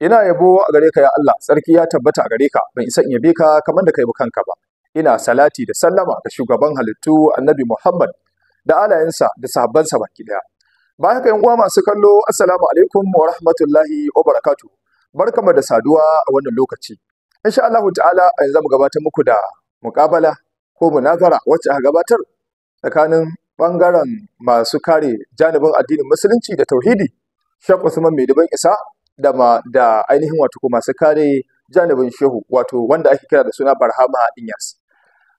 ina yabo a gare ka ya Allah sarki ya tabbata a gare ka ban isa in yabe ka kamar da kai bu kanka ba ina salati da sallama ga shugaban halittu annabi Muhammad da alayensa da sahabbansa baki daya ba haka yan uwa masu kallo assalamu alaikum wa rahmatullahi wa barakatuh barkamu da saduwa a wannan lokaci insha Allah ta'ala a yanzu mu gabatar muku da muƙabala ko munazara wacce aka gabatar tsakanin bangaren masu kare janibin addinin musulunci da tauhidi shek Usman Maiduban Isa da ma da ainihin wato ko masu kare janibin shehu wato wanda ake kira da suna barhama inyas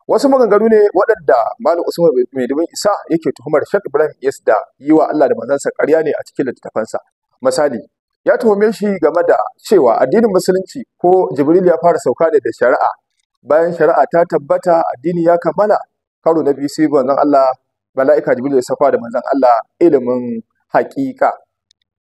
wasu maganganu ne waɗanda malam usman mai dubin isa yake tuhumar shek ibrahim yes da yi wa allah da manzansa karya ne a cikin littattafansa misali ya tuhume shi game da cewa addinin musulunci ko jibril ya fara sauka ne da shari'a bayan shari'a ta tabbata addini ya kammala karo na biyu sai manzon allah mala'ika jibril ya sauka da manzon allah ilimin haƙiƙa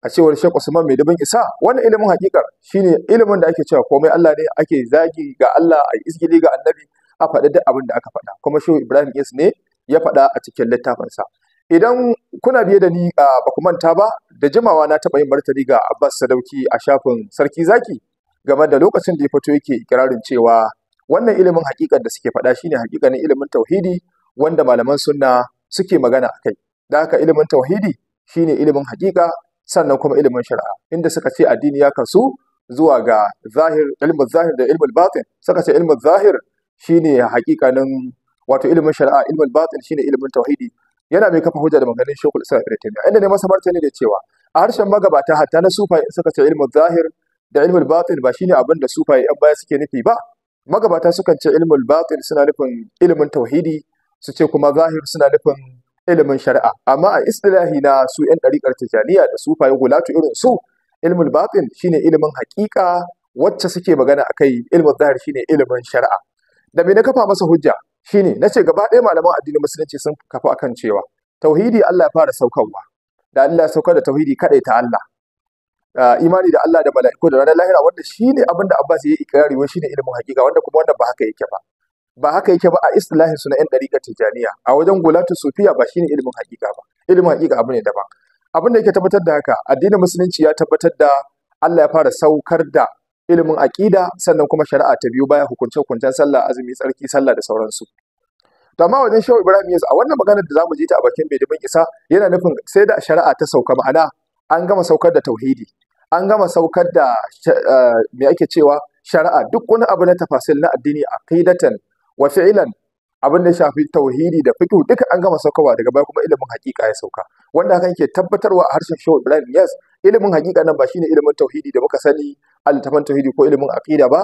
a cewar Sheikh Usman mai dabin isa wannan ilimin hakikar shine ilimin da ake cewa komai Allah ne ake zagi ga Allah a isgili ga annabi a faɗa duk abin da aka faɗa kuma Shehu Ibrahim Yes ne ya faɗa a cikin sa idan kuna biye da ni ba ku manta ba da jimawa na taɓa yin martani ga Abbas Sadauki a shafin Sarki Zaki game da lokacin da ya fito yake ikirarin cewa wannan ilimin hakikar da suke faɗa shine hakikanin ilimin tauhidi wanda malaman sunna suke magana akai da haka ilimin tauhidi shine ilimin hakika sannan kuma ilimin shari'a inda suka ce addini ya kasu zuwa ga zahir ilmin zahir da ilmin batin suka ce ilmin zahir shine hakikanin wato ilimin shari'a ilmin batin shine ilimin tauhidi yana mai kafa hujja da maganin shekul islam ibn taymiya inda ne masa martani da cewa a harshen magabata hatta na sufa suka ce ilmin zahir da ilmin batin ba shine abin da sufa yan baya suke nufi ba magabata sukan ce ilmin batin suna nufin ilimin tauhidi su ce kuma zahir suna nufin ilimin shari'a amma a istilahi na su yan ɗariƙar tijaniya da su fayi gulatu irin su ilmin batin shine ilimin haƙiƙa wacce suke magana a kai, ilmin zahar shine ilimin shari'a da me na kafa masa hujja shine na ce gaba ɗaya malaman addinin musulunci sun kafa kan cewa tauhidi Allah ya fara saukarwa da Allah ya saukar da tauhidi kaɗai ta Allah imani da Allah da mala'iku da ranar lahira wanda shine abinda Abbas ya yi ikrari wai shine ilimin haƙiƙa wanda kuma wanda ba haka yake ba ba haka yake ba a istilahin suna yan ɗariƙar tijaniya a wajen ta sufiya ba shi ne ilimin haƙiƙa ba ilimin haƙiƙa abu ne daban abin da yake tabbatar da haka addinin musulunci ya tabbatar da Allah ya fara saukar da ilimin aƙida sannan kuma shari'a ta biyu baya hukunce hukuncen sallah azumi tsarki sallah da sauransu to amma wajen shehu ibrahim yasa a wannan maganar da zamu ji ta a bakin bai isa yana nufin sai da shari'a ta sauka ma'ana an gama saukar da tauhidi an gama saukar da eh, me ake cewa shari'a duk wani abu na tafasil na addini a kaidatan Wace fi'lan abin da shafi tauhidi da fiqh duka an gama saukawa daga baya kuma ilimin hakika ya sauka wanda hakan ke tabbatarwa a harshen Shehu Ibrahim Yas ilimin hakika nan ba shine ilimin tauhidi da muka sani tafan tauhidi ko ilimin aqida ba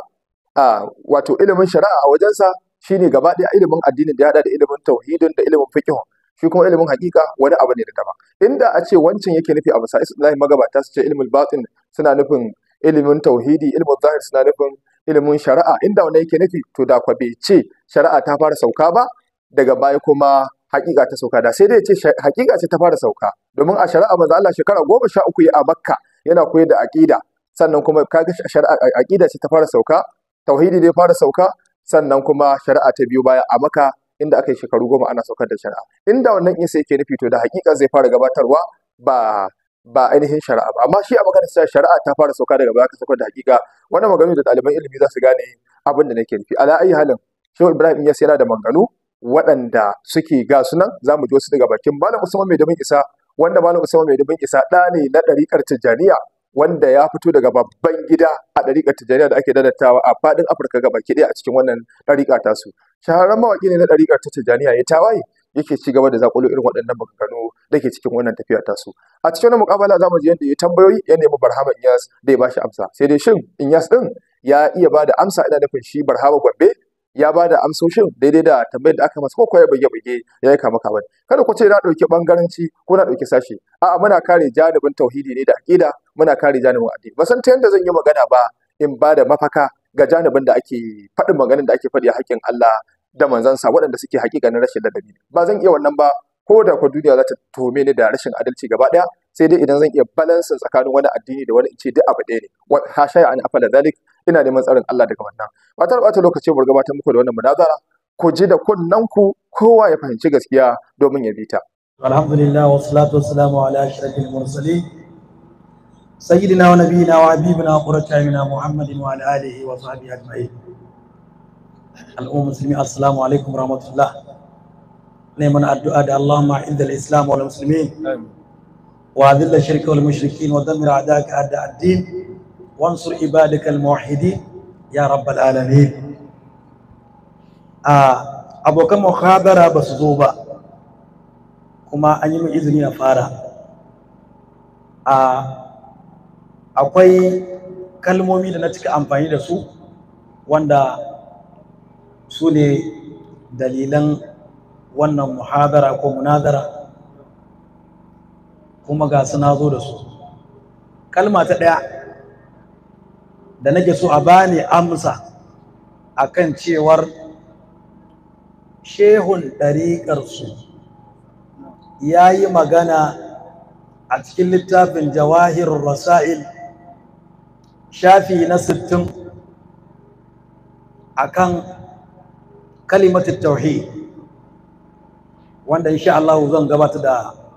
a wato ilimin shari'a a wajensa shine gaba ɗaya ilimin addini da ya hada da ilimin tauhidin da ilimin fiqh shi kuma ilimin hakika wani abu ne da daban inda a ce wancan yake nufi a bisa islahi magabata su ce ilimin batin suna nufin ilimin tauhidi ilimin zahir suna nufin ilimin shari'a inda wani yake nufi to da kwa bai ce shari'a ta fara sauka ba daga baya kuma hakika ta sauka da sai dai ce hakika ce ta fara sauka domin a shari'a manzo Allah shekara goma sha uku ya a Makka yana koyar da aqida sannan kuma kaga shari'a aqida ce ta fara sauka tauhidi ne fara sauka sannan kuma shari'a ta biyu baya a Makka inda aka yi shekaru goma ana saukar da shari'a inda wannan isa yake nufi to da hakika zai fara gabatarwa ba ba ainihin shari'a ba amma shi a maganar sa shari'a ta fara sauka daga baya ka da hakika wannan magana da ɗaliban ilimi za su gane abin da nake nufi ala ayi halin shehu ibrahim ya yana da manganu waɗanda suke ga sunan za mu ji wasu daga bakin malam usman mai dabin isa wanda malam usman mai dabin isa ɗa ne na ɗariƙar tijjaniya wanda ya fito daga babban gida a ɗariƙar tijjaniya da ake dadatawa a faɗin afirka gaba ɗaya a cikin wannan ɗariƙa tasu shahararren mawaƙi ne na ɗariƙar tijjaniya ya tawaye yake ci gaba da zakulo irin waɗannan maganganu da ke cikin wannan tafiya ta su a cikin wannan mukabala zamu ji yadda ya tambayoyi ya nemi barhama Inyas da ya bashi amsa sai dai shin Inyas din ya iya bada amsa ina nufin shi barhama gombe ya bada da amsoshin daidai da tambayar da aka masa ko ya bage bage ya yi kama kada ku ce na ɗauki bangaranci ko na ɗauki sashi a'a muna kare janibin tauhidi ne da aƙida muna kare janibin addini ba san ta yadda zan yi magana ba in ba da mafaka ga janibin da ake faɗin maganin da ake faɗi a haƙƙin Allah da manzansa waɗanda suke hakikanin rashin ladabi ba zan iya wannan ba ko da kwa duniya za ta tome ni da rashin adalci gaba ɗaya sai dai idan zan iya balance tsakanin wani addini da wani ce duk abu ɗaya ne ha ya an afala zalik ina neman tsarin Allah daga wannan ba ta ɓata lokaci mu ta muku da wannan munazara ku ji da ku kowa ya fahimci gaskiya domin ya bi ta alhamdulillah wa salatu wassalamu ala ashrafil mursalin sayyidina wa nabiyina wa habibina qurrata muhammadin wa ala alihi wa sahbihi ajma'in al'ummar musulmi assalamu alaikum rahmatullah neman mana addu'a da Allahumma inda al-islam wal muslimin wa adilla shirka wal mushrikin wa dammir a'daka a'da ad wansur ibadaka al-muwahhidin ya rabbal alamin a ah, abokan muhabara ba su zo ba kuma an yi mu izini na fara a ah, akwai kalmomi da na cika amfani da su wanda su ne dalilan wannan muhadara ko munazara kuma ga suna zo da su kalma ta ɗaya da nake so a bani amsa akan cewar shehun ɗariƙarsu ya yi magana a cikin littafin jawahir rasa'il shafi na sittin akan kalimatu tauhid wanda insha Allah zan gabata da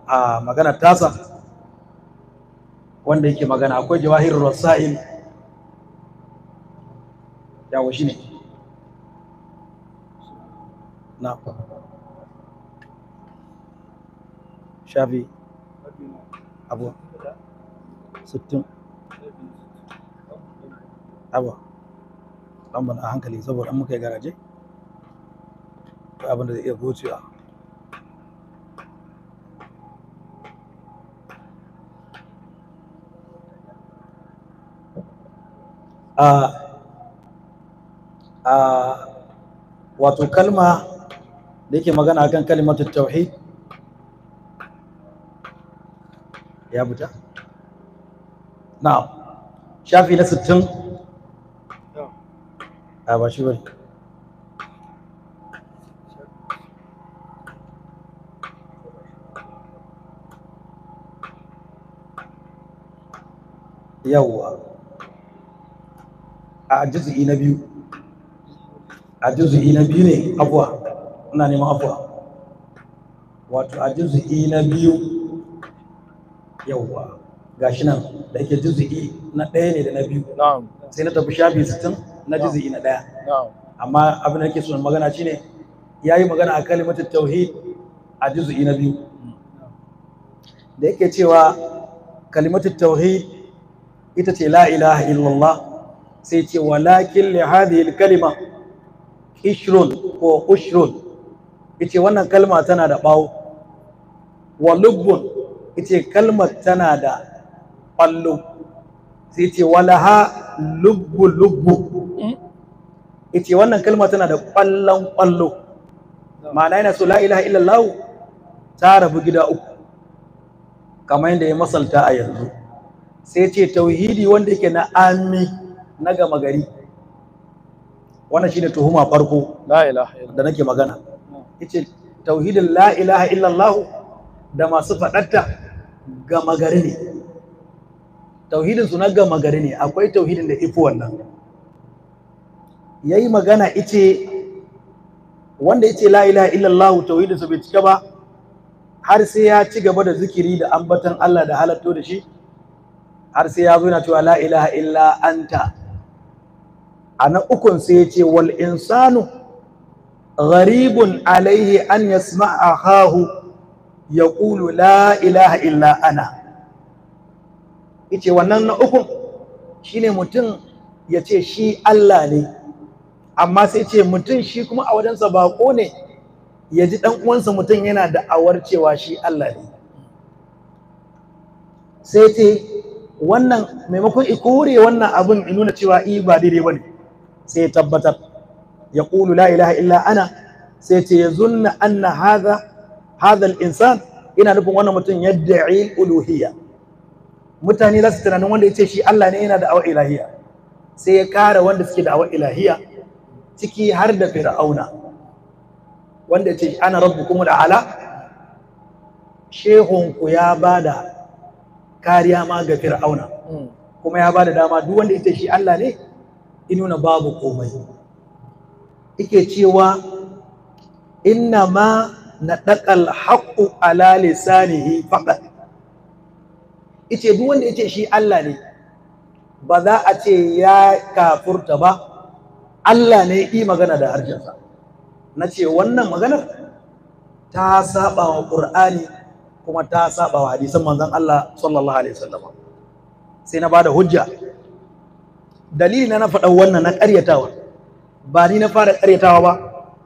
a magana tasa wanda yake magana akwai jawahir rasail wuce ne na shafi abu 60 abu ɗan a hankali saboda an muka yi garaje abin da zai iya gocewa a a wato kalma da yake magana akan kalimatul tauhi ya buta na shafi na 60 a ba shi bari yawwa a juzu'i na biyu a juzu'i na biyu ne abuwa ina neman afuwa wato a juzu'i na biyu yawwa gashi nan da yake juzu'i na ɗaya ne da na biyu sai na tafi shafi sittin na juzu'i na ɗaya amma abin da nake suna magana shine ya yi magana a kalimatar tauhid a juzu'i na biyu mm. da yake cewa kalimatar tauhid ita ce la ilaha illallah sai ce walakin li hadhihi kalima ishrun ko ushrun yace wannan kalma tana da bawo wa lubbun yace kalmar tana da ballo sai ce walaha lubbu lubbu eh? yace wannan kalma tana da ballon ballo ma'ana yana so la ilaha illallah ta rabu gida uku kamar yadda ya masalta a yanzu sai ce tauhidi wanda yake na ami na gama gari wannan shine tuhuma farko la ilaha da nake magana yace tauhidin la ilaha illallah da masu fadatta gama gari ne tauhidin su na gama gari ne akwai tauhidin da ifi wannan yayi magana ice wanda yace la ilaha illallah tauhidin su bai cika ba har sai ya ci gaba da zikiri da ambatan Allah da halatto da shi har sai ya zo yana cewa la ilaha illa anta a na ukun sai ya ce wal insanu gharibun alaihi an yasma'a hahu ya ƙulu la ilaha illa ana ice wannan na ukun shine mutum ya ce shi Allah ne amma sai ce mutum shi kuma a wajensa baƙo ne ya ji ɗan uwansa mutum yana da'awar cewa shi Allah ne sai ce wannan maimakon i wannan abin in nuna cewa i ba daidai ne. sai ya tabbatar ya ƙulu la ilaha illa ana sai ce ya zunna hadha hadha insan ina nufin wannan mutum yadda'i uluhiyya mutane za su tunanin wanda ya ce shi Allah ne yana da awa ilahiya sai ya kara wanda suke da awa ilahiya ciki har da fir'auna wanda ya ce ana da a'la shehunku ya bada kariya ma ga fir'auna mm. kuma ya bada dama duk wanda ita shi Allah ne inuna babu komai ike cewa inna ma na ɗaƙal haƙƙu ala lisanihi faɗa ice duk wanda yace shi Allah ne ba za a ce ya kafurta ba Allah ne yi magana da harshensa na ce wannan maganar ta saba wa ƙur'ani kuma ta saba wa hadisan manzon Allah sallallahu alaihi wasallam sai na bada hujja dalili na na faɗa wannan na ƙaryatawa ba ni na fara ƙaryatawa ba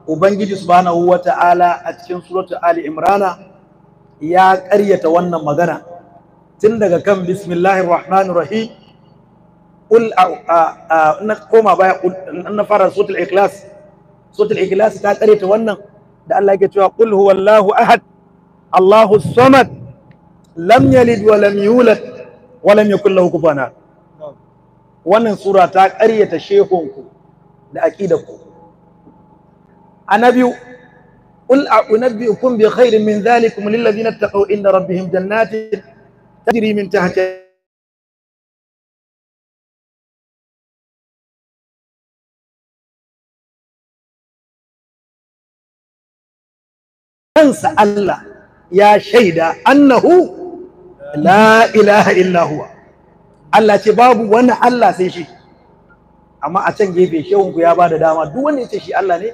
ubangiji subhanahu wata'ala a cikin suratul ali imrana ya ƙaryata wannan magana tun daga kan bismillahir rahmanir rahim قل na koma baya na fara suratul ikhlas suratul ikhlas ta ƙaryata wannan da Allah yake cewa qul huwallahu ahad الله الصمد لم يلد ولم يولد ولم يكن له كفوا احد wannan sura ta ƙaryata shehunku da aqidarku annabi bi khairin min من lil ladina taqaw inna rabbihim jannatin tajri min tahtiha kansa Allah ya shaida annahu la ilaha illa huwa Allah ce babu wani Allah sai shi amma a can gefe shehunku ya ba da dama duk wanda yace shi Allah ne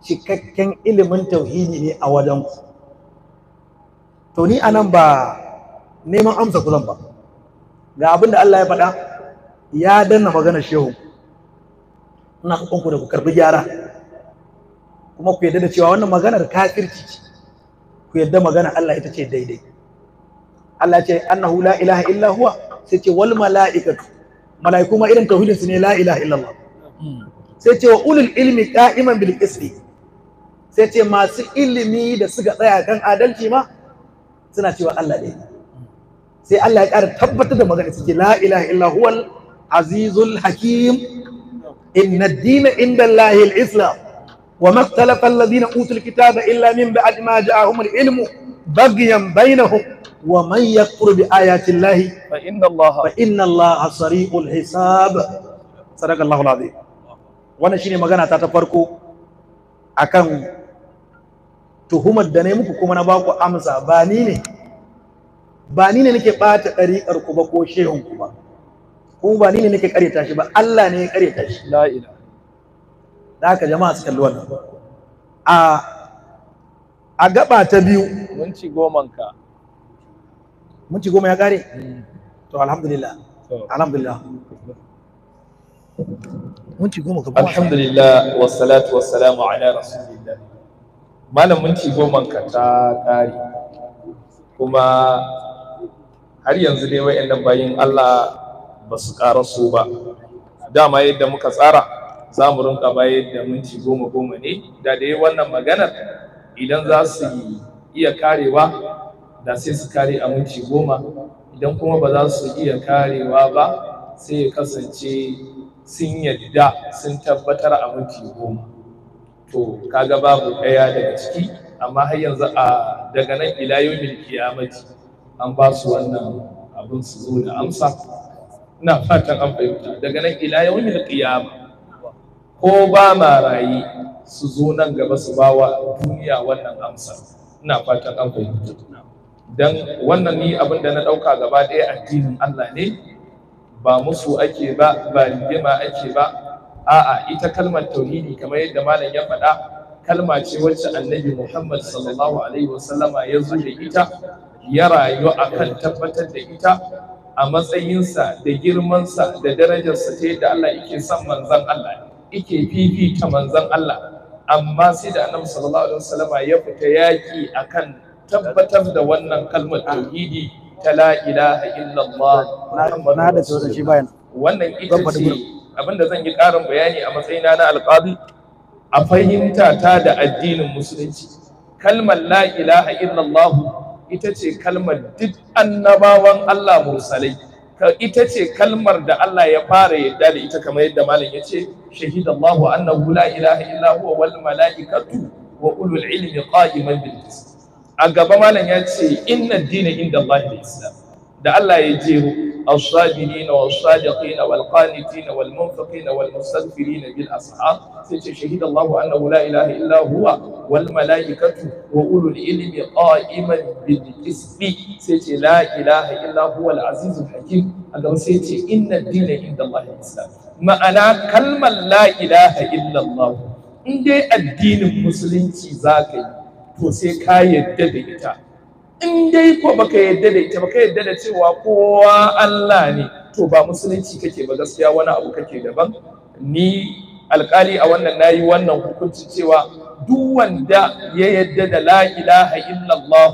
cikakken ilimin tauhidi ne a wajen ku to ni anan ba neman amsa ku zan ba ga abin Allah ya faɗa ya danna magana shehu ina ku da ku karbi gyara kuma ku yarda da cewa wannan maganar kafirci ce ku yadda magana Allah ita ce daidai Allah ce annahu la ilaha illa huwa sai ce wal mala'ikatu mala'iku ma irin tauhidin su ne la ilaha illa Allah sai ce wa ulul ilmi qa'iman bil qisti sai ce masu ilimi da suka tsaya kan adalci ma suna cewa Allah ne. sai Allah ya ƙara tabbatar da magana suke la ilaha illa huwal azizul hakim inna ad-dina inda Allahil islam وما اختلف الذين أوتوا الكتاب إلا من بعد ما جاءهم العلم بغيا بينهم ومن يكفر بآيات الله فإن الله فإن الله سريع الحساب صدق الله العظيم wannan shine magana ta ta farko akan tuhumar da ne muku kuma na baku amsa ba ni ne ba ni ne nake ɓata ɗariƙar ku ba ko shehun ku ba ko ba ni ne nake ƙareta shi ba Allah ne ya ƙareta shi la ilaha da haka jama'a su kalli wannan a a gaba ta biyu minti goman ka minti goma ya kare hmm. to alhamdulillah alhamdulillah minti goma ka alhamdulillah wassalatu wassalamu ala rasulillah malam minti goman ka ta kare kuma har yanzu dai wa'annan bayin Allah ba su ƙara ba dama yadda muka tsara za mu rinka bayar da minti goma goma ne da dai wannan maganar idan za su iya karewa da sai su kare a minti goma idan kuma ba za su iya karewa ba sai ya kasance sun yadda sun tabbatar a minti goma to kaga babu ɗaya daga ciki amma har yanzu a daga nan ila yau kiyamati an ba su wannan abin su zo da amsa ina fatan an fahimta daga nan ila yau qiyamah ko ba ma raye su zo nan gaba su ba wa duniya wannan amsa ina fatan an fahimta dan wannan ni abin da na ɗauka gaba ɗaya addinin Allah ne ba musu ake ba ba rigima ake ba a'a ita kalmar tauhidi kamar yadda malam ya faɗa kalma ce wacce annabi Muhammad sallallahu alaihi wasallama ya zo da ita ya rayu a kan tabbatar da ita a matsayinsa da girmansa da darajarsa ta yadda Allah yake son manzon Allah ne Ike fifita manzon Allah amma sai da annabi sallallahu alaihi wasallama ya fita yaki akan tabbatar da wannan kalmar tauhidi ta la ilaha illallah na da shi bayan wannan ita ce abinda zan yi ƙarin bayani a matsayina na alƙadi a fahimta ta da addinin musulunci kalmar la ilaha illallah ita ce kalmar duk annabawan Allah mursalai ita ce kalmar da Allah ya fara yadda da ita kamar yadda malam ya ce shahidallahu annahu la ilaha illa huwa wal mala'ikatu wa ulul ilmi qa'iman bil qist a gaba malam ya ce inna ad-dina inda Allah da Allah ya jero الصابرين والصادقين والقانتين والمنفقين والمستغفرين بالأسحار شهد الله أنه لا إله إلا هو والملائكة وأولو العلم قائما بالقسط لا إله إلا هو العزيز الحكيم أنه سيتي إن الدين عند الله الإسلام ma'ana kalmar la ilaha illallah in dai addinin musulunci za ka yi to sai ka yadda da ita in dai ko baka yadda da ita baka yadda da cewa kowa Allah ne to ba musulunci kake ba gaskiya wani abu kake daban ni alkali a wannan nayi wannan hukunci cewa duk wanda ya yadda da la ilaha illallah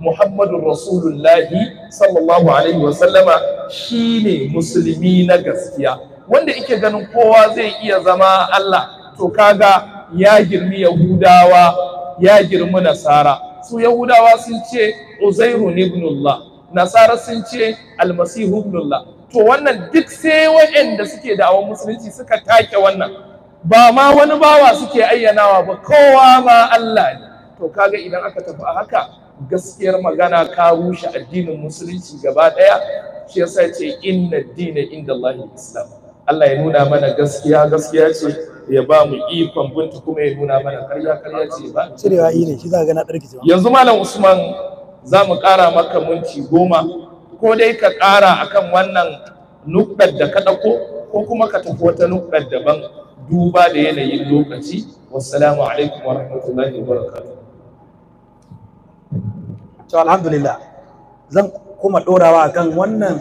muhammadur rasulullah sallallahu alaihi wa sallama shine musulmi na gaskiya wanda ike ganin kowa zai iya zama Allah to kaga ya girmi yahudawa ya girmi nasara su yahudawa sun ce uzairu ibnullah nasara sun ce almasihu ibnullah to wannan duk sai waɗanda suke da awon musulunci suka take wannan ba ma wani bawa suke ayyanawa ba kowa ma Allah ne to kaga idan aka tafi a haka gaskiyar magana ka rushe addinin musulunci gaba ɗaya shi yasa ce inna dina inda Allah islam Allah ya nuna mana gaskiya gaskiya ce ya ba mu ikon binta kuma ya nuna mana karya karya ce ba cirewa yi ne shi za ga na ɗarki yanzu malam usman za mu ƙara maka minti goma ko dai ka ƙara akan wannan nukbar da ka ɗauko ko kuma ka tafi wata nukbar daban duba da yanayin lokaci wassalamu alaikum wa rahmatullahi wa barakatuh to alhamdulillah zan kuma ɗorawa akan wannan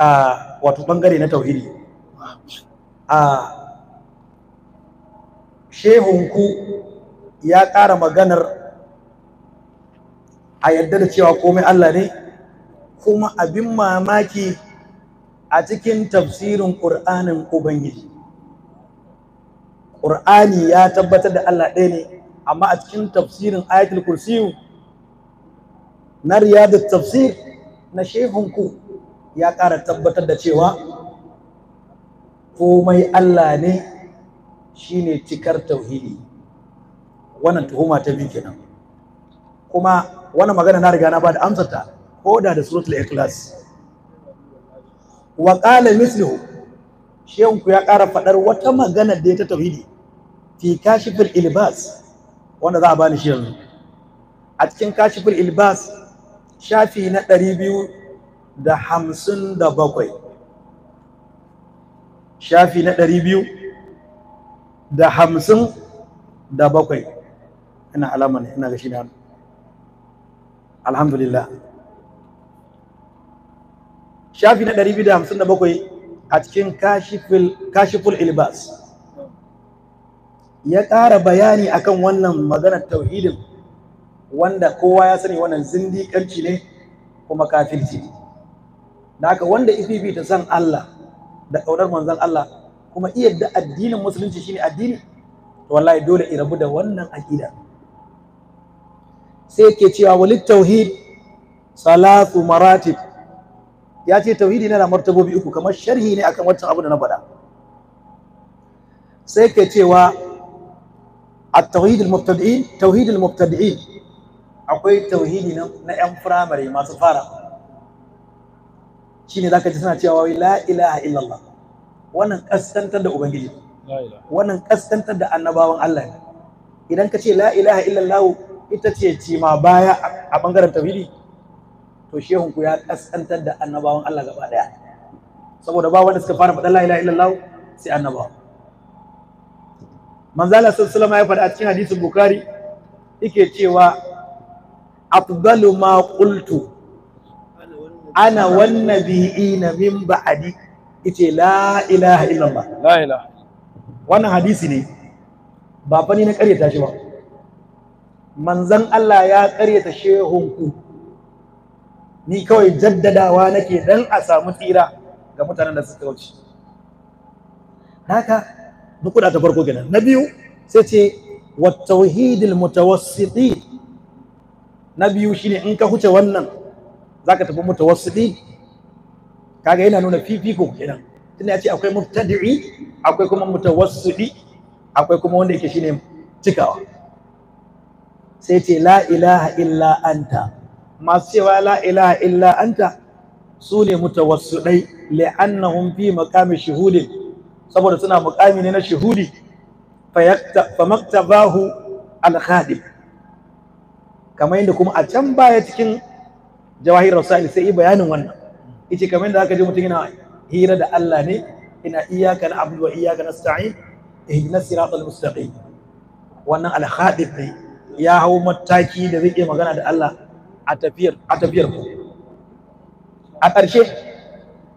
ah, wato ɓangare na tauhidi a shehunku ya ƙara maganar a yadda da cewa komai Allah ne kuma abin mamaki a cikin tafsirin ƙur'anin ubangiji ƙur'ani ya tabbatar da Allah ɗaya ne amma a cikin tafsirin ayatul kursiyu na riyadar tafsir na shehunku ya ƙara tabbatar da cewa komai Allah ne shi ne cikar tauhidi wannan tuhuma ta biyu kenan kuma wannan magana na riga na ba da amsata ko da da suratul ikhlas wa qala mislihu shehu ya ƙara faɗar wata magana da ta tauhidi fi kashifil ilbas wanda za a bani shi yanzu a cikin kashifin ilbas shafi na ɗari biyu da hamsin da bakwai shafi na ɗari biyu da hamsin da bakwai ina alama ne ina ga shi da alhamdulillah shafi na ɗari biyu da hamsin da bakwai a cikin kashiful ilbas ya ƙara bayani akan wannan maganar tauhidin wanda kowa ya sani wannan zindiƙarci ne kuma kafirci da haka wanda ififi ta san Allah da ƙaunar manzon Allah kuma iya da addinin musulunci shine addini wallahi dole i rabu da wannan aqida sai yake cewa walit tauhid salatu maratib ya ce tauhidi yana martabobi uku kamar sharhi ne akan wancan abu da na faɗa sai yake cewa at-tauhid al-mubtadi'in tauhid al-mubtadi'in akwai tauhidi na 'yan firamare masu fara shine zaka ji suna cewa wai la ilaha illallah wannan kaskantar da ubangiji wannan kaskantar da annabawan Allah ne idan ka ce la ilaha illallah ita ce ma baya a bangaren tauhidi to shehun ku ya kaskantar da annabawan Allah gaba daya saboda ba wanda suka fara faɗa la ilaha illallah sai annabawa manzala sallallahu alaihi ya faɗa a cikin hadisin bukhari yake cewa afdalu ma qultu ana wan nabiyina min ba'di ita, la ilaha illallah la ilaha wannan hadisi ne ba fa ni na karyata shi ba manzon Allah ya karyata ku ni kawai jaddadawa nake dan a samu tsira ga mutanen da suka wuce haka nukuda ta farko kenan na biyu sai ce wa tauhidil mutawassiti na biyu shine in ka huce wannan Za ka tafi mutawassidi kaga yana nuna fifiko kenan tunda ya ce akwai mubtadi'i akwai kuma mutawassidi akwai kuma wanda yake shine cikawa sai ce la ilaha illa anta masu cewa la ilaha illa anta su ne mutawassidai li'annahum fi maqami shuhudin saboda suna muqami ne na shuhudi fa maktabahu al-khadim kamar yadda kuma a can baya cikin jawahir rasail sai yi bayanin wannan yace kamar da aka ji mutum yana hira da Allah ne ina iyyaka na'budu wa iyyaka nasta'in ihdinas siratal mustaqim wannan al-khatib ne ya hau mataki da zai magana da Allah a tafiyar a tafiyar ku a ƙarshe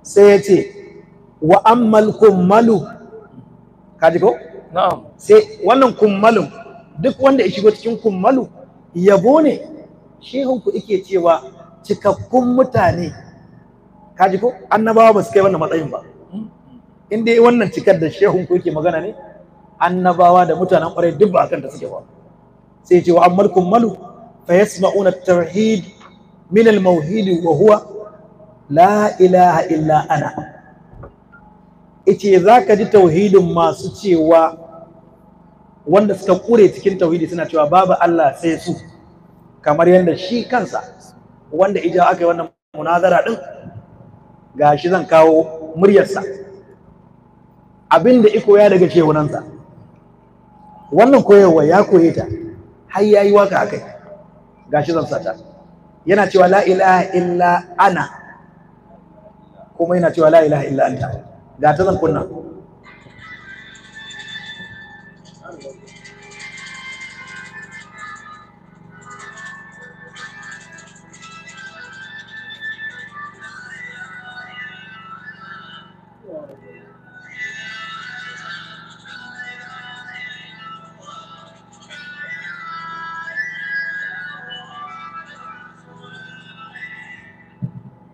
sai ya ce wa ammal kummalu kaji ko na'am sai wannan kummalun duk wanda ya shigo cikin kummalu yabo ne ku ike cewa cikakkun mutane kaji ko annabawa ba su kai wannan matsayin ba in dai wannan cikar da shehun ku yake magana ne annabawa da mutanen kwarai duk ba akan ta suke ba sai ce wa ammal kummalu fa yasma'una at-tauhid min al-mawhid wa huwa la ilaha illa ana ice zaka ji tauhidin masu cewa wanda suka kure cikin tauhidi suna cewa babu Allah sai su kamar yadda shi kansa wanda ija aka yi wannan munazara din gashi zan kawo muryarsa abinda iko ya daga shehunansa wannan koyarwa ya koye ta har ya yi waka akai gashi zan sata yana cewa la ilaha illa ana kuma yana cewa la ilaha illa anta ga ta zan kunna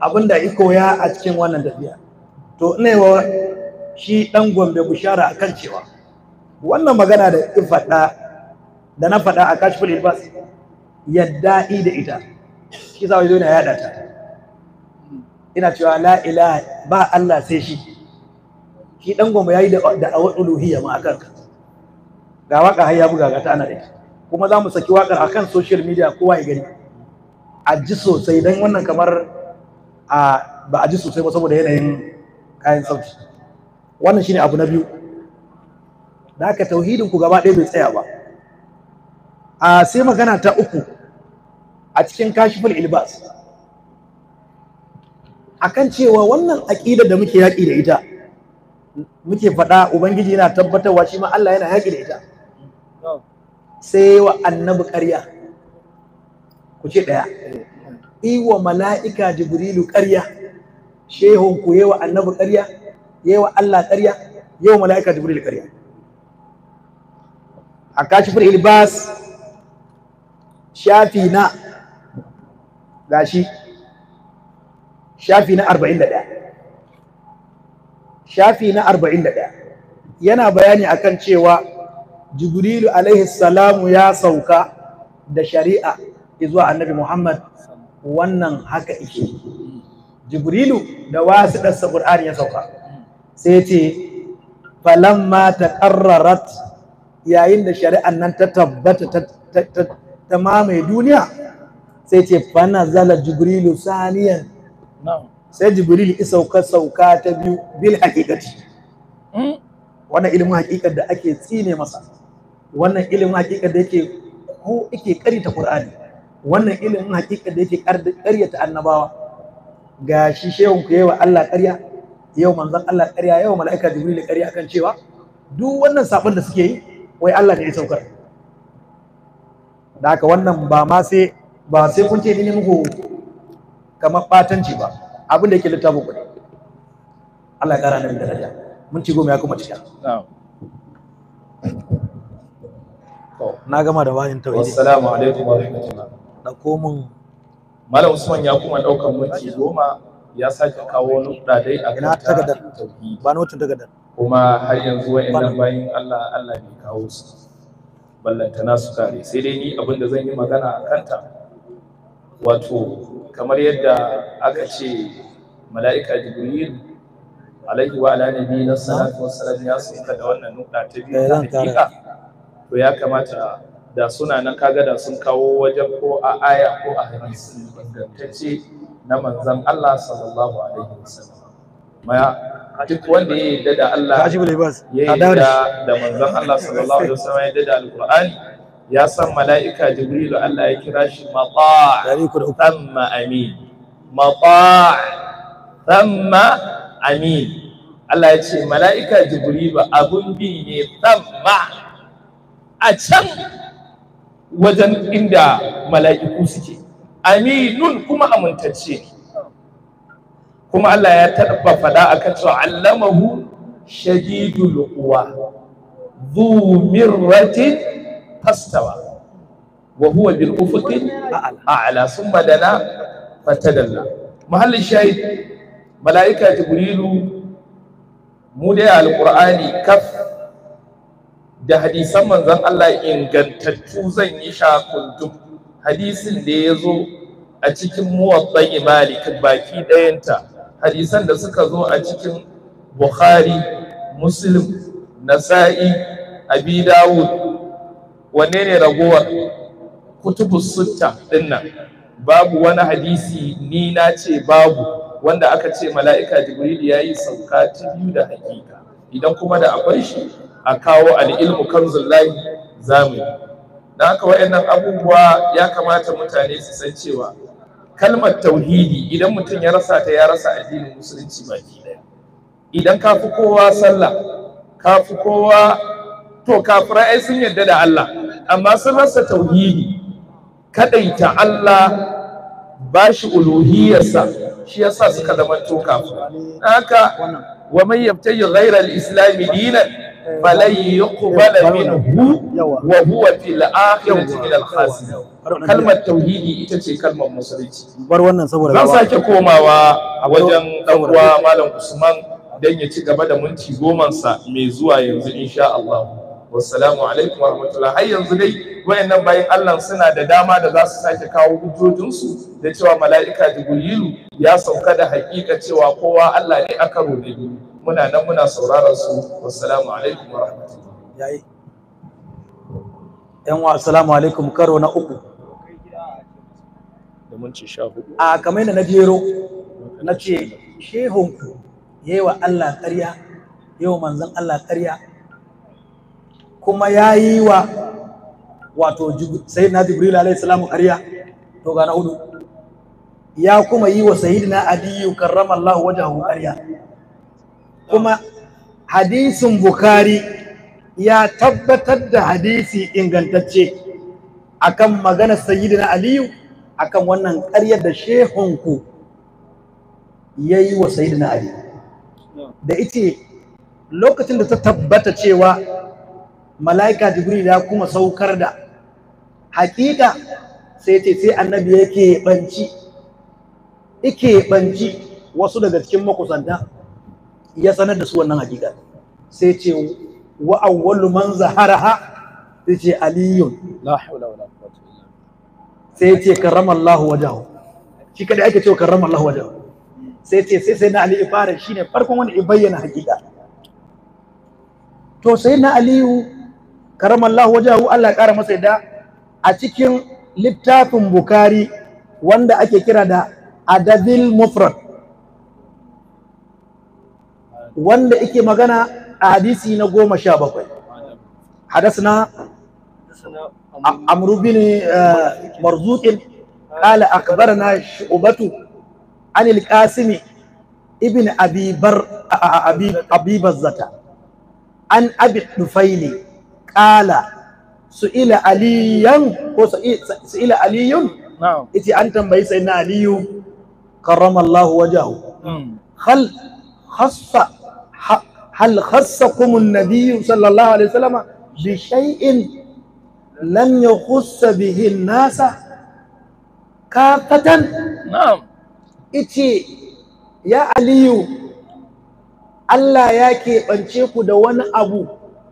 abin da ya koya a cikin wannan tafiya to ina wa shi dan gombe bushara akan cewa wannan magana da in faɗa da na faɗa a kashful ilbas yadda da ita shi sa wajen ya yada ta ina cewa la ilaha ba Allah sai shi shi dan gombe yayi da da'awar uluhiyya ma akan ga waka har ya buga ga ta ana da kuma za mu saki wakar akan social media kowa ya gani a ji sosai don wannan kamar a ba a ji sosai ba saboda yanayin kayan sauti wannan shine abu na biyu da aka tauhidin ku gaba ɗaya bai tsaya ba a sai magana ta uku a cikin kashiful ilbas akan cewa wannan aƙida da muke yaƙi da ita muke faɗa ubangiji yana tabbatarwa shi ma Allah yana yaƙi da ita sai wa annabi ƙarya ku ce ɗaya iwa mala'ika jibrilu ƙarya shehun ku yewa annabu ƙarya yewa Allah ƙarya yewa mala'ika jibrilu ƙarya a kashifar ilbas shafi na gashi shafi na 41 shafi na 41 yana bayani akan cewa jibrilu alaihi salamu ya sauka da shari'a zuwa annabi muhammad wannan haka ike jibrilu da wasu ɗansa ƙur'ani ya sauka sai ce falamma ta ƙarrarat yayin da shari'an nan ta tabbata ta mamaye duniya sai ce fana zala jibrilu saniyan sai jibrilu isauka sauka ta biyu bil hakikati hmm? wannan ilimin hakikar da ake tsine masa wannan ilimin hakikar da yake ko ta karita ƙurani wannan ilimin hakika da yake ƙaryata annabawa ga shi shehun ku yawa Allah ƙarya yau manzon Allah ƙarya yau mala'ika Jibril ƙarya akan cewa duk wannan sabon da suke yi wai Allah ne ya saukar da haka wannan ba ma sai ba sai kun ce ni muku kamar batanci ba abin da yake littafin ku Allah ya ƙara nan daraja mun ci goma ya kuma cika na gama da bayan tauhidi assalamu alaikum wa rahmatullah ɗauko mun Malam Usman ya kuma ɗaukan minti goma ya sake kawo nukta dai a kan ta tauhidi ba notin kuma har yanzu wa'annan bayan Allah Allah bai kawo su ballanta su kare sai dai ni abinda zan yi magana a kanta wato kamar yadda aka ce mala'ika jibril alaihi wa ala nabi na alaihi wasallam ya sauka da wannan nukta ta biyu ta eh, to ya kamata da suna nan kaga da sun kawo wajen ko a aya ko a hadisi ingantacce na manzon Allah sallallahu alaihi wasallam maya duk wanda ya yarda da Allah ya yarda da manzon Allah sallallahu alaihi wasallam ya yarda da alqur'ani ya san mala'ika jibrilu Allah ya kira shi mata Tamma amin mata Tamma amin Allah ya ce mala'ika jibrilu abun bi ne tamma a can wajen inda mala'iku suke aminun kuma amintacce kuma Allah ya taɓa faɗa akan cewa allamahu shadidul quwa dhu mirratin fastawa wa huwa bil ufuqil a'la summa dana fatadalla mahallin shahid mala'ika jibrilu mu da alqur'ani kaf da hadisan manzon Allah ingantattu zan yi shakuntu hadisin da ya zo a cikin muwabban malik baki ɗayanta hadisan da suka zo a cikin bukhari muslim nasa'i abi dawud wane ne ragowar kutubu sutta dinnan babu wani hadisi ni na ce babu wanda aka ce mala'ika jibril ya yi sauka ta biyu da hakika idan kuma da akwai shi a kawo al'ilmu kan zullahi zamu don haka waɗannan abubuwa ya kamata mutane su san cewa kalmar tauhidi idan mutum ya rasa ta ya rasa addinin musulunci baki ɗaya idan ka fi kowa sallah ka fi kowa to kafirai ai sun yarda da Allah amma sun rasa tauhidi kadaita Allah ba shi uluhiyarsa shi yasa suka zama to kafirai haka wa mai yabtayi ghayra al dinan falan yuqbala minhu wa huwa fil akhirati min al khasirin kalmar tauhidi ita ce kalmar musulunci bar wannan saboda komawa a wajen dan malam usman dan ya ci gaba da minti goman mai zuwa yanzu insha Allah wassalamu alaikum warahmatullahi har yanzu dai wayannan bayan Allah suna da dama da za su sake kawo hujjojinsu da cewa mala'ika Jibrilu ya sauka da hakika cewa kowa Allah ne aka robe muna nan muna sauraron su wassalamu alaikum wa rahmatullahi yayi yan wa assalamu alaikum karo na uku da mun ci sha hudu a kamar yadda na jero na ce shehunku yayi wa Allah ƙarya yayi manzon Allah ƙarya kuma yayi wa wato sayyidina jibril alaihi salamu ƙarya to ga na hudu ya kuma yi wa sayyidina adiyu karramallahu wajahu ƙarya kuma hadisin Bukhari ya tabbatar da hadisi ingantacce akan magana sayyidina Aliyu akan wannan ƙaryar da shehunku ya yi wa sayyidina Ali da ita lokacin da ta tabbata cewa mala'ika jibril ya kuma saukar da hakika sai ce sai annabi yake banci yake banci wasu daga cikin makusanta ya sanar da su wannan hakika sai ce wa awwalu man zaharaha sai ce aliyun la hawla wala quwwata illa billah sai ce karrama Allah wajahu shi kada ake cewa karrama Allah wajahu sai ce sai sai na Ali ibara shine farkon wani ya bayyana hakika to sai na Aliyu karrama Allah wajahu Allah ya kara masa yadda a cikin littafin Bukhari wanda ake kira da Adabil Mufrad wanda yake magana a hadisi na goma sha bakwai hadasna amru bin eh, marzuqin qala akhbarana shu'batu an al ibn abi bar abi an abi dufaili qala su'ila aliyan ko su'ila aliyun na'am iti an tambayi sayyidina aliyu karramallahu wajahu hmm. hal khassa hal khassakum an-nabiy sallallahu alaihi wasallam bi shay'in lam yakhussa bihi nasa kafatan na'am ice ya aliyu Allah ya keɓance ku da wani abu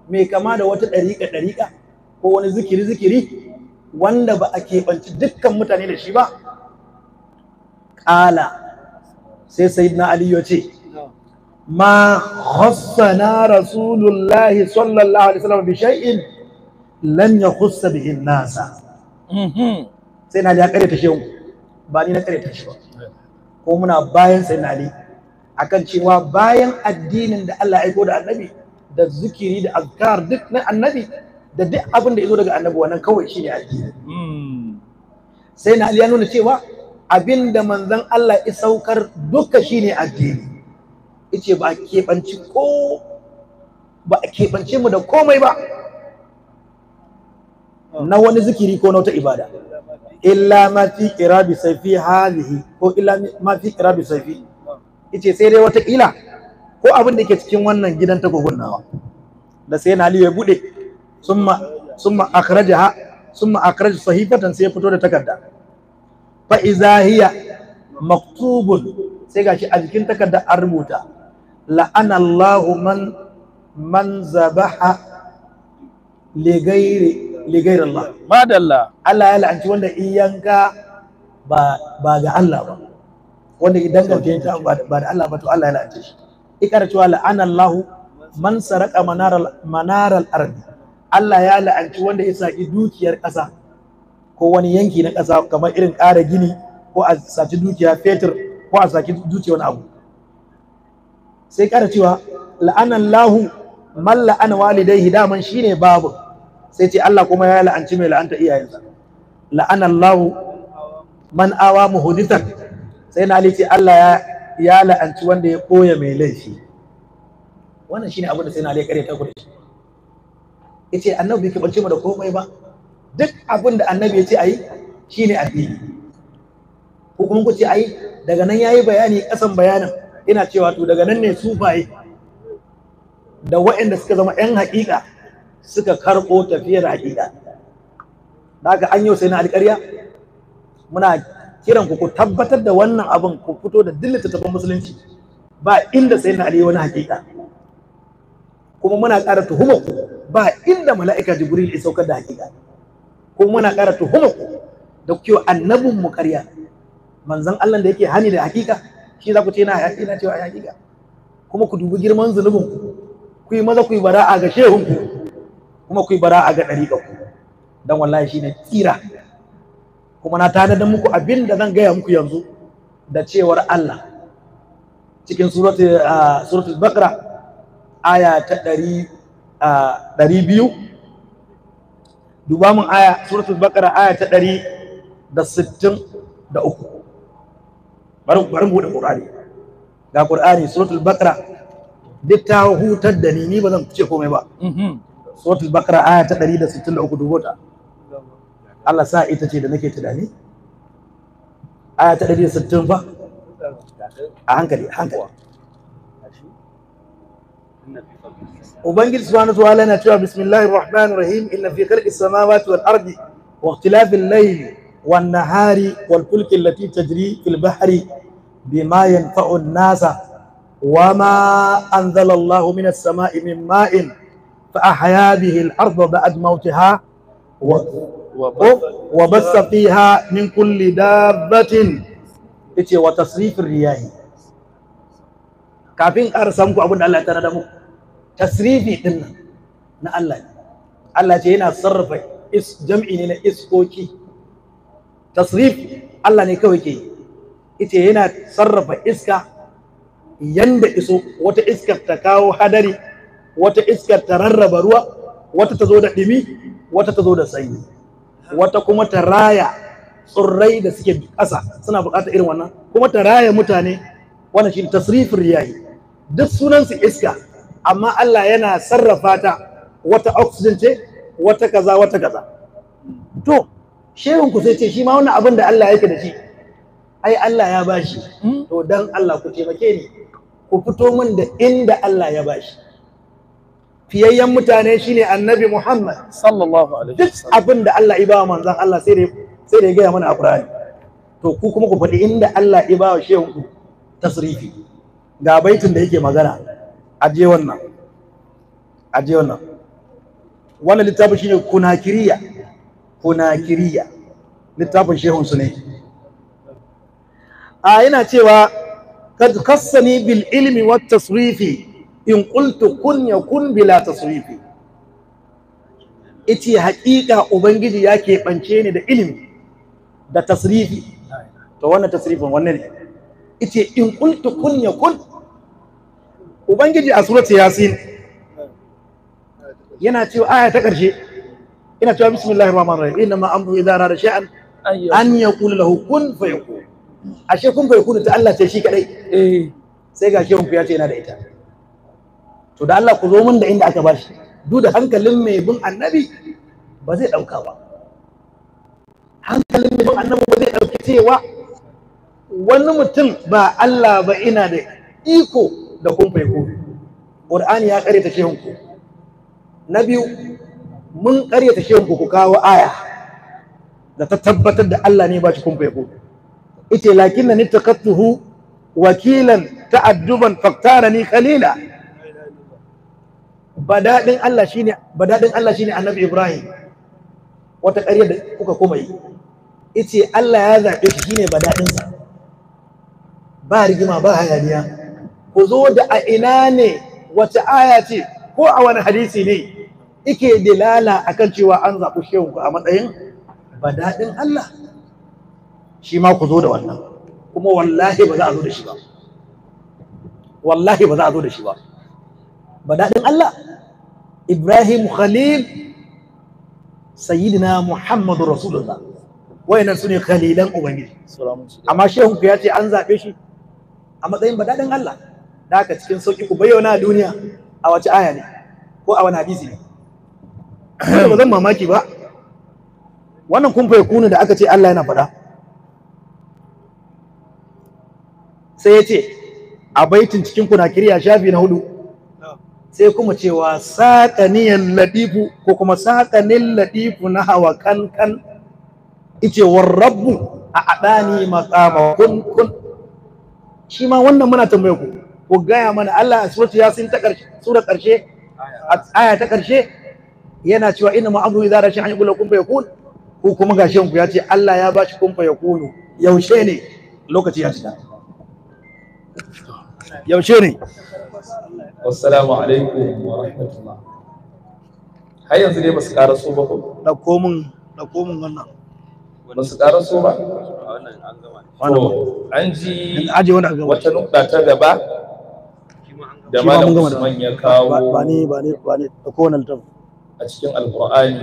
mai kama da wata ɗariƙa ɗariƙa ko wani zikiri zikiri wanda ba a keɓanci dukkan mutane da shi ba ƙala sai sayyidina aliyu ya ce ما خصنا رسول الله صلى الله عليه وسلم بشيء لم يخص به الناس سيدنا علي قريت شيء ba ni na karyata shi ba ko muna bayan sayyidina ali akan cewa bayan addinin da Allah ya aiko da annabi da zikiri da azkar duk na annabi da duk abin da ya zo daga annabi wannan kawai shine addini sai na ali ya nuna cewa abin da manzon Allah ya saukar duka shine addini yace ba keɓanci ko ba a keɓance mu da komai ba na wani zikiri ko na wata ibada illa ma fi irabi sayfi hadhihi ko illa ma fi irabi sayfi yace sai dai wata ila ko abin da yake cikin wannan gidan ta gogunnawa da sai na liye bude summa summa akhrajaha summa akhraj sahifatan sai ya fito da takarda fa iza hiya maktubun sai gashi a jikin takarda an rubuta la'anallahu man man zabaha ligairi Allah madalla Allah ya la'anci wanda in yanka ba ba ga Allah ba wanda idan ga yanka ba da Allah ba to Allah ya la'anci shi ikara cewa la'anallahu man saraka manaral manaral ardi Allah ya la'anci wanda ya saki dukiyar ƙasa ko wani yanki na ƙasa kamar irin ƙara gini ko a saci dukiya fetur ko a saki dukiya wani abu sai kara cewa la'anan lahu man la'ana walidaihi daman shine babu sai ce Allah kuma ya la'anci mai la'anta iyayensa la'anan lahu man awa muhudithan sai na ce Allah ya la'anci wanda ya koya mai laifi wannan shine abin da sai na ya kare ta shi yace annabi bai kabarce mu da komai ba duk abin da annabi ya ce ayi shine addini ko kuma ku ce ayi daga nan yayi bayani kasan bayanin ina cewa to daga nan ne sufaye da waɗanda suka zama 'yan haƙiƙa suka karɓo tafiyar haƙiƙa da haka an yau sai na alƙarya muna kiran ku ku tabbatar da wannan abin ku fito da dillin tattafan musulunci ba inda sai na Ali wani haƙiƙa kuma muna ƙara tuhumar ku ba inda mala'ika jibril ya saukar da haƙiƙa kuma muna ƙara tuhumar ku da kuke annabin mu ƙarya manzon Allah da yake hani da haƙiƙa shi za ku ce na yaƙi na cewa yaƙi ga kuma ku dubi girman zunubin ku yi maza ku yi bara'a ga shehun ku kuma ku yi bara'a ga ɗariƙa ku Don wallahi shi ne tsira kuma na tanadar muku abin da zan gaya muku yanzu da cewar Allah cikin suratul ah, suratul baqara aya ta 200 ah, duba mun aya suratul baqara aya ta bari buɗe ƙur'ani ga ƙur'ani suratul bakara duk ta hutar da ni ni ba zan ce komai ba mhm. suratul bakara aya ta 163 dubo ta Allah sa ita ce da nake tunani aya ta 160 ba a hankali hankali Ubangiji subhanahu wa ta'ala yana cewa bismillahir rahmanir rahim inna fi khalqis samawati wal ardi wa ikhtilafil layli wannahari walfulkin latita jiri filbahari bi mayan fa’un nasa wa ma an zalallahu minas sama’i min ma’in fa’a haya bihin arzau da admauti ha wa basafi ha min kulli dabbatin ita wata sifir yayi kafin ƙar samku abin da Allah ta rada mu na Allah Allah ce yana sarrafa jam’i ne na iskoki tasrif Allah ne kawai ke ita yana sarrafa iska yanda iso wata iskar ta kawo hadari wata iskar ta rarraba ruwa wata ta zo da dimi wata ta zo da sanyi wata kuma ta raya tsirrai da suke ƙasa suna buƙatar irin wannan kuma ta raya mutane wannan shi tasrifin riyayi duk sunansu iska amma Allah yana sarrafa ta wata oxygen ce wata kaza wata kaza to shehun ku sai ce shi ma wannan abin da Allah yake da shi ai Allah ya bashi hmm? to dan Allah ku taimake ni ku fito min da inda Allah ya bashi fiyayyen mutane shine annabi Muhammad sallallahu alaihi wasallam duk abin da Allah ya ba manzon Allah sai da sai da ya gaya mana a Qur'ani to ku kuma ku faɗi inda Allah ya ba shehun ku tasrifi ga baitin da yake magana aje wannan aje wannan wannan littafin shine kunakiriya kunakiriya littafin shehunsu ne a yana cewa kad kassani bil ilmi wa tasrifi in qultu kun yakun bila tasrifi ice haƙiƙa ubangiji ya keɓance ni da ilimi da tasrifi to wannan tasrifin wannan ne ice in qultu kun yakun ubangiji a surati yasin yana cewa aya ta ƙarshe ina cewa bismillahir rahmanir rahim inna ma amru idza arada shay'an an ya kula lahu kun fa ashe kun fa ta Allah ce shi kadai eh sai ga shehu ya ce yana da ita to da Allah ku zo mun da inda aka bashi duk da hankalin mai bin annabi ba zai dauka ba hankalin mai bin annabi ba zai dauki cewa wani mutum ba Allah ba ina da iko da kun fa Qur'ani ya kare ta ku na biyu mun karyata shehu ku ku kawo aya da ta tabbatar da Allah ne ba shi kun faiko ite lakin ni takattuhu wakilan ta'adduban ni khalila badadin Allah shine badadin Allah shine Annabi Ibrahim wata ƙarya da kuka koma yi ite Allah ya zaɓe shi shine badadin sa ba rigima ba hayaniya ku zo da a ina ne wata aya ce ko a wani hadisi ne ike dilala akan cewa an zaɓi shehu a matsayin daɗin Allah shi ma ku zo da wannan kuma wallahi ba za a zo da shi ba wallahi ba za a zo da shi ba daɗin Allah Ibrahim Khalil sayyidina Muhammadu Rasulullah wayannan ne khalilan ubangiji amma shehu ya ce an zabe shi a matsayin badadin Allah da ka cikin sauki ku bayyana duniya a wace aya ne ko a wani hadisi ne ba zan mamaki ba wannan kumfa fa yakunu da aka ce Allah yana faɗa sai ya ce a baitin cikin kuna kirya shafi na hudu sai kuma cewa saƙaniyan ladifu ko kuma saƙanin ladifu na hawa kankan ice warrabu a adani matsama kun kun shi ma wannan muna tambaye ku ku gaya mana Allah a suratu yasin ta karshe sura karshe aya ta karshe yana cewa inna ma amru idza rasha an bai kun ko kuma gashi ku ya ce Allah ya bashi kun ya yakunu yaushe ne lokaci ya tada yaushe ne assalamu alaikum wa rahmatullah har yanzu ne basu ƙara so ba ko da mun da mun wannan basu ƙara so ba wannan an gama an ji aje wani an gama wata nukta ta gaba da malamin Usman ya kawo ba ne ba ne ba ne dauko wannan littafin a cikin alkur'ani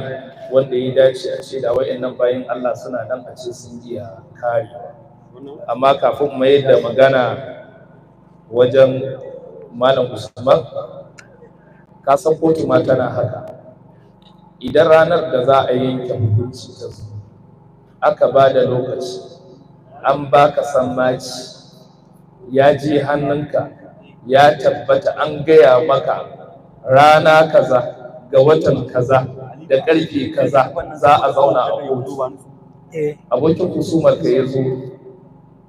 wanda ya dace a ce da wa'annan bayan Allah suna nan a ce sun iya kare amma kafin mu da magana wajen malam Usman ka san kotu ma tana haka idan ranar da za a yanke hukunci ta su aka ba da lokaci an ba ka baka sammaci ya je hannunka ya tabbata an gaya maka rana kaza ga watan kaza da karfe kaza za a zauna a kotu abokin kusumar ka ya zo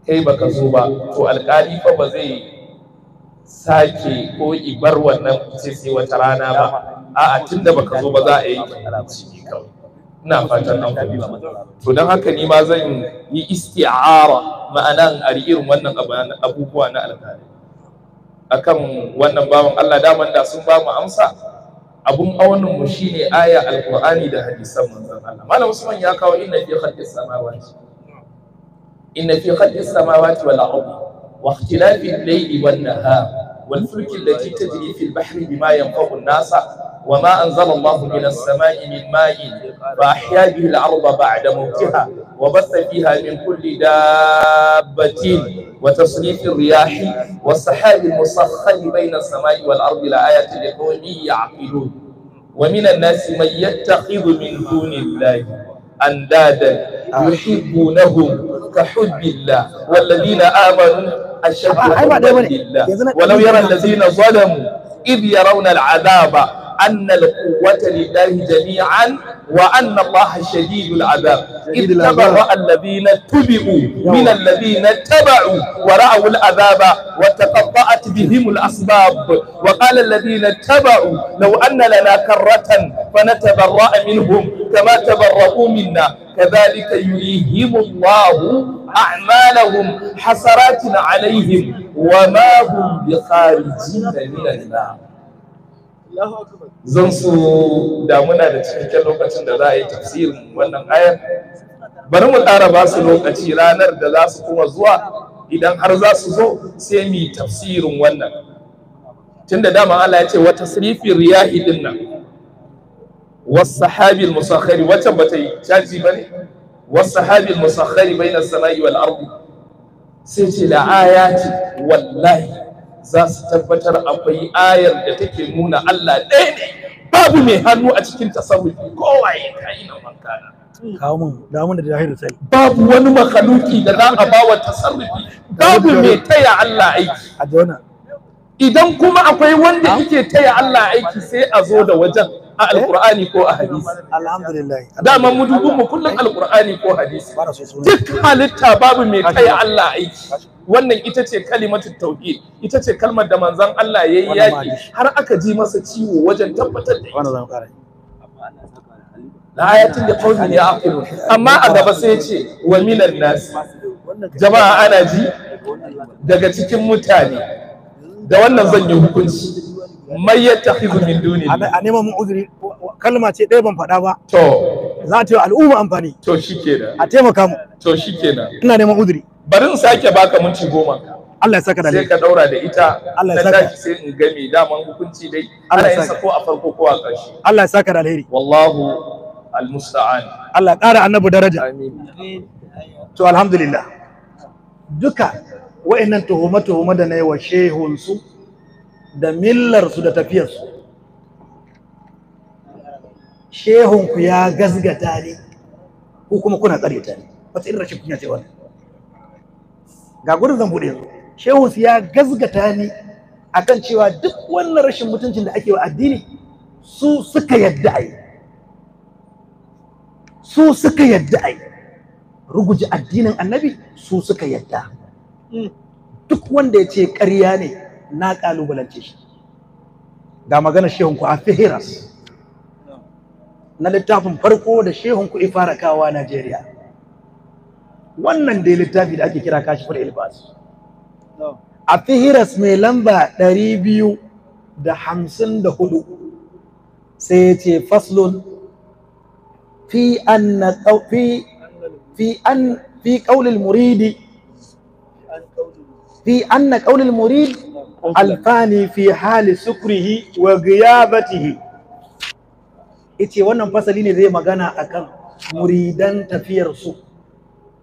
kai ka zo ba to alƙali fa ba zai sake ko ibar wannan sai wata rana ba a'a tunda baka zo ba za a yi kawai ina fatan nan kuma to don haka ni ma zan yi isti'ara Ma'ana a irin wannan abubuwa na alƙali akan wannan bawan Allah daman da sun ba mu amsa abun aunin mu shine aya alqur'ani da hadisan manzon Allah malam usman ya kawo inna fi khalqis samawati inna fi khalqis samawati wal ardi wa ikhtilafi al-layli wan nahar والفلك التي تجري في البحر بما ينفع الناس وما أنزل الله من السماء من ماء فأحيا به الأرض بعد موتها وبث فيها من كل دابة وتصريف الرياح والسحاب المسخر بين السماء والأرض لآية لقوم يعقلون ومن الناس من يتخذ من دون الله أندادا يحبونهم كحب الله والذين آمنوا أشد آه، أيوة، حبا أيوة، لله ولو أيوة، يرى الذين ظلموا إذ يرون العذاب أن القوة لله جميعا وأن الله شديد العذاب إذ تبرأ الذين تبعوا من الذين تبعوا ورأوا العذاب وتقطعت بهم الأسباب وقال الذين تبعوا لو أن لنا كرة فنتبرأ منهم كما تبرؤوا منا كذلك يريهم الله أعمالهم حسرات عليهم وما هم بخارجين من النار zan so da muna da cikakken lokacin da za a yi tafsirin wannan ayar bari mu ƙara ba su lokaci ranar da za su kuma zuwa idan har za su zo sai mu yi tafsirin wannan tunda dama Allah ya ce wata sirifin riyahi din nan والصحابي المسخر وتبتي تاتي بني والصحابي المسخر بين السماء والأرض سيتي لآيات والله زاس تبتر أبي آية لتكي الله ديني babu mai hannu a cikin tasawufi kowa ya kai kawo mun da mun da jahiru sai babu wani makaluki da za a bawa tasarrufi babu mai taya Allah aiki a idan kuma akwai wanda yake taya Allah aiki sai a zo da wajen a eh? alqur'ani ko a hadisi alhamdulillah dama mu dubun mu kullun alqur'ani ko hadisi duk halitta babu mai kai Allah aiki wannan ita ce kalimatu tauhid ita ce kalmar da manzon Allah yayi yaki har aka ji masa ciwo wajen tabbatar da ita la ayatin da ya ya'qilu amma a gaba sai ya ce wa minan nas jama'a ana ji daga cikin mutane da wannan zan yi hukunci mai yattakhidhu min duni a nema mun uzuri kalma ce ɗaya ban faɗa ba to za ta yi al'umma amfani to shi shikenan a taimaka mu to shi shikenan ina neman uzuri bari in sake baka minti goma Allah ya saka da sai ka daura da ita Allah ya saka sai in gami, game daman hukunci dai Allah ya saka ko a farko ko a ƙarshe Allah ya saka da alheri wallahu almusta'an Allah ya ƙara annabi daraja amin to alhamdulillah duka wa'annan tuhuma tuhuma da na yi wa shehunsu da millarsu da tafiyarsu shehunku ya gazgata ne ko kuma kuna ta ne wata irin rashin kunya ce wannan ga gudun zan buɗe yanzu shehunsu ya gazgata ne akan cewa duk wannan rashin mutuncin da ake wa addini su suka yadda a su suka yadda a Ruguji addinin annabi su suka yadda duk wanda ya ce ƙarya ne na kalubalance shi ga magana shehun a fihiras na littafin farko da shehun ku ifara kawa Najeriya wannan dai littafi da ake kira kashi kashifar ilbas a fihiras mai lamba ɗari biyu da hamsin da hudu sai ya ce faslun fi an fi an fi kaulil muridi fi anna qaulul murid alfani fi hali sukrihi wa ghiyabatihi yace wannan fasali ne zai magana akan muridan tafiyar su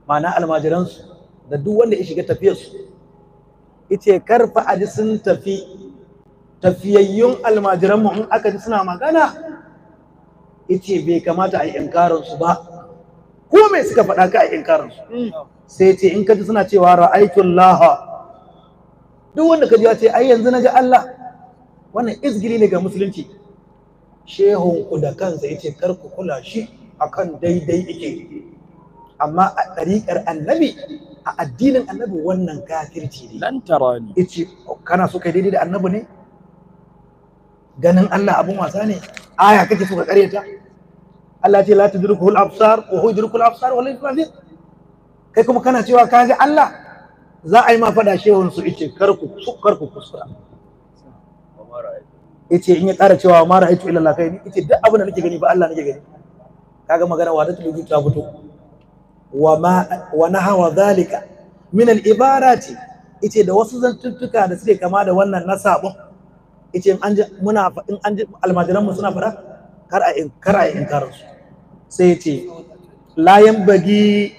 ma'ana almajiran su da duk wanda ya shiga tafiyar su yace karfa aji sun tafi tafiyayyun almajiran mu in aka ji suna magana yace bai kamata a yi inkarin su ba ko me suka faɗa ka a yi inkarin su sai ce in ka ji suna cewa ra'aytu duk wanda ka ji ya ce ai yanzu na ji Allah wannan izgiri ne ga musulunci shehun ku da kansa yace kar ku kula shi akan daidai yake amma a ɗariƙar annabi a addinin annabi wannan kafirci ne lan tarani yace kana so kai daidai da annabi ne ganin Allah abun wasa ne aya kake so ka kareta Allah ce la tudrikul absar wa huwa yudrikul absar wa la kai kuma kana cewa ka ga Allah za a yi ma fada shehun su ice karku karku kuskura ice in ya ƙara cewa ma ra'aytu illa Allah kai ice duk abin da nake gani ba Allah nake gani kaga magana wa ta tudu ta fito wa ma wa wa zalika min al ibarati ice da wasu zantuttuka da suke kama da wannan na sabon yace in an ji muna in an ji almajiran mu suna fara kar a in kar a in karar su sai ce la yanbagi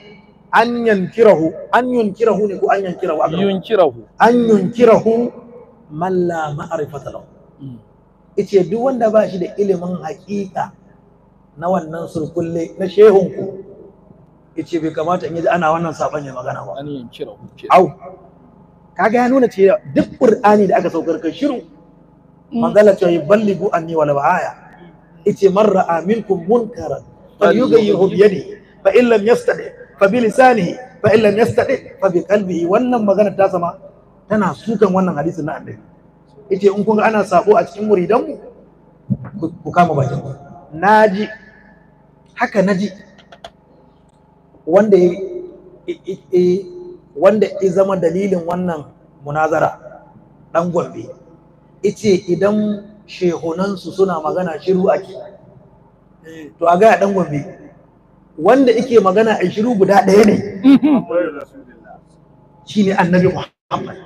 an yankirahu an kirahu ne ko an yankirahu an kirahu. an kirahu. man la ma'rifata lahu ice mm. duk wanda ba shi da ilimin hakika na wannan surkulle na shehun ku ice bai kamata in yi ana wannan saban ya magana ba an yankirahu au kaga ya nuna cewa duk qur'ani da aka saukar kan shiru mm. manzala cewa yuballigu anni wala ba'aya ice man ra'a minkum munkaran falyughayyirhu bi yadihi fa in lam yastati fa bi fa illa lam yastati fa bi qalbihi wannan magana ta sama tana sukan wannan hadisin na annabi yace in kun ana sabo a cikin muridan mu ku kama bakin naji haka naji wanda ya wanda ya zama dalilin wannan munazara dan gwambe. ice idan shehunansu suna magana shiru ake to a gaya dan gwambe. wanda yake magana a shiru guda ɗaya ne shi ne annabi muhammad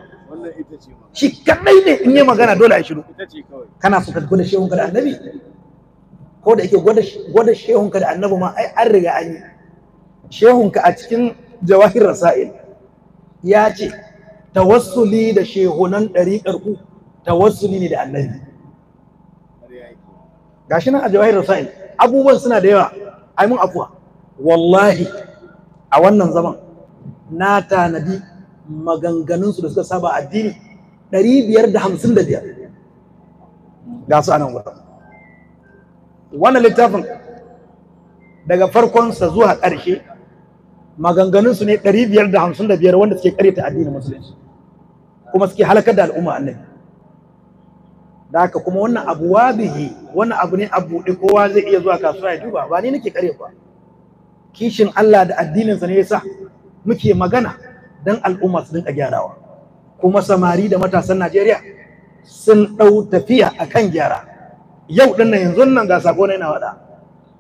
shi kadai ne in yi magana dole a shiru kana fuka gwada shehun ka da annabi ko da yake gwada shehun ka da annabi ma ai an riga an yi shehun ka a cikin jawahir rasail ya ce tawassuli da shehunan ɗariƙar ku tawassuli ne da annabi gashi nan a jawahir rasail abubuwan suna da yawa ai mun afuwa wallahi a wannan zaman na tanadi maganganunsu da suka saba addini ɗari biyar da hamsin da biyar ga su a nan wurin wannan littafin daga farkonsa zuwa ƙarshe maganganunsu ne ɗari biyar da hamsin da biyar wanda suke ƙarita addinin musulunci kuma suke halakar da al'umma annabi da haka kuma wannan abu wabihi wannan abu ne abu ɗi kowa zai iya zuwa kasuwa ya duba ba ni nake ƙare ba kishin Allah da addininsa ne yasa muke magana dan al'umma su dinka gyarawa kuma samari da matasan Najeriya sun dau tafiya akan gyara yau din nan yanzu nan ga sako na wada?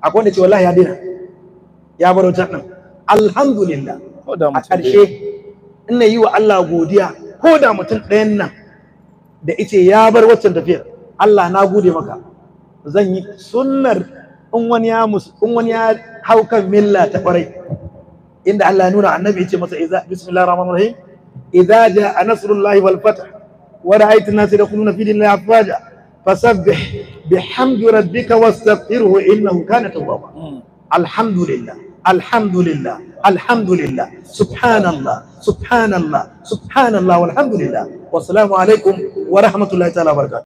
akwai wanda ce wallahi ya dina ya baro ta ɗin alhamdulillah a ƙarshe ina yi wa Allah godiya ko da mutum ɗayan nan da ice ya bar waccan tafiyar Allah na gode maka zan yi sunnar in wani ya in wani ya hau kan milla ta kwarai inda Allah ya nuna annabi ya ce masa idza bismillahir rahmanir rahim idza jaa nasrullahi wal fath wa ra'aita an-nas yadkhuluna fi dinillahi afwaja fasabbih bihamdi rabbika wastaghfirhu innahu kana tawwaba hmm. alhamdulillah alhamdulillah alhamdulillah subhanallah subhanallah subhanallah walhamdulillah wassalamu alaikum wa rahmatullahi ta'ala wa barakatuh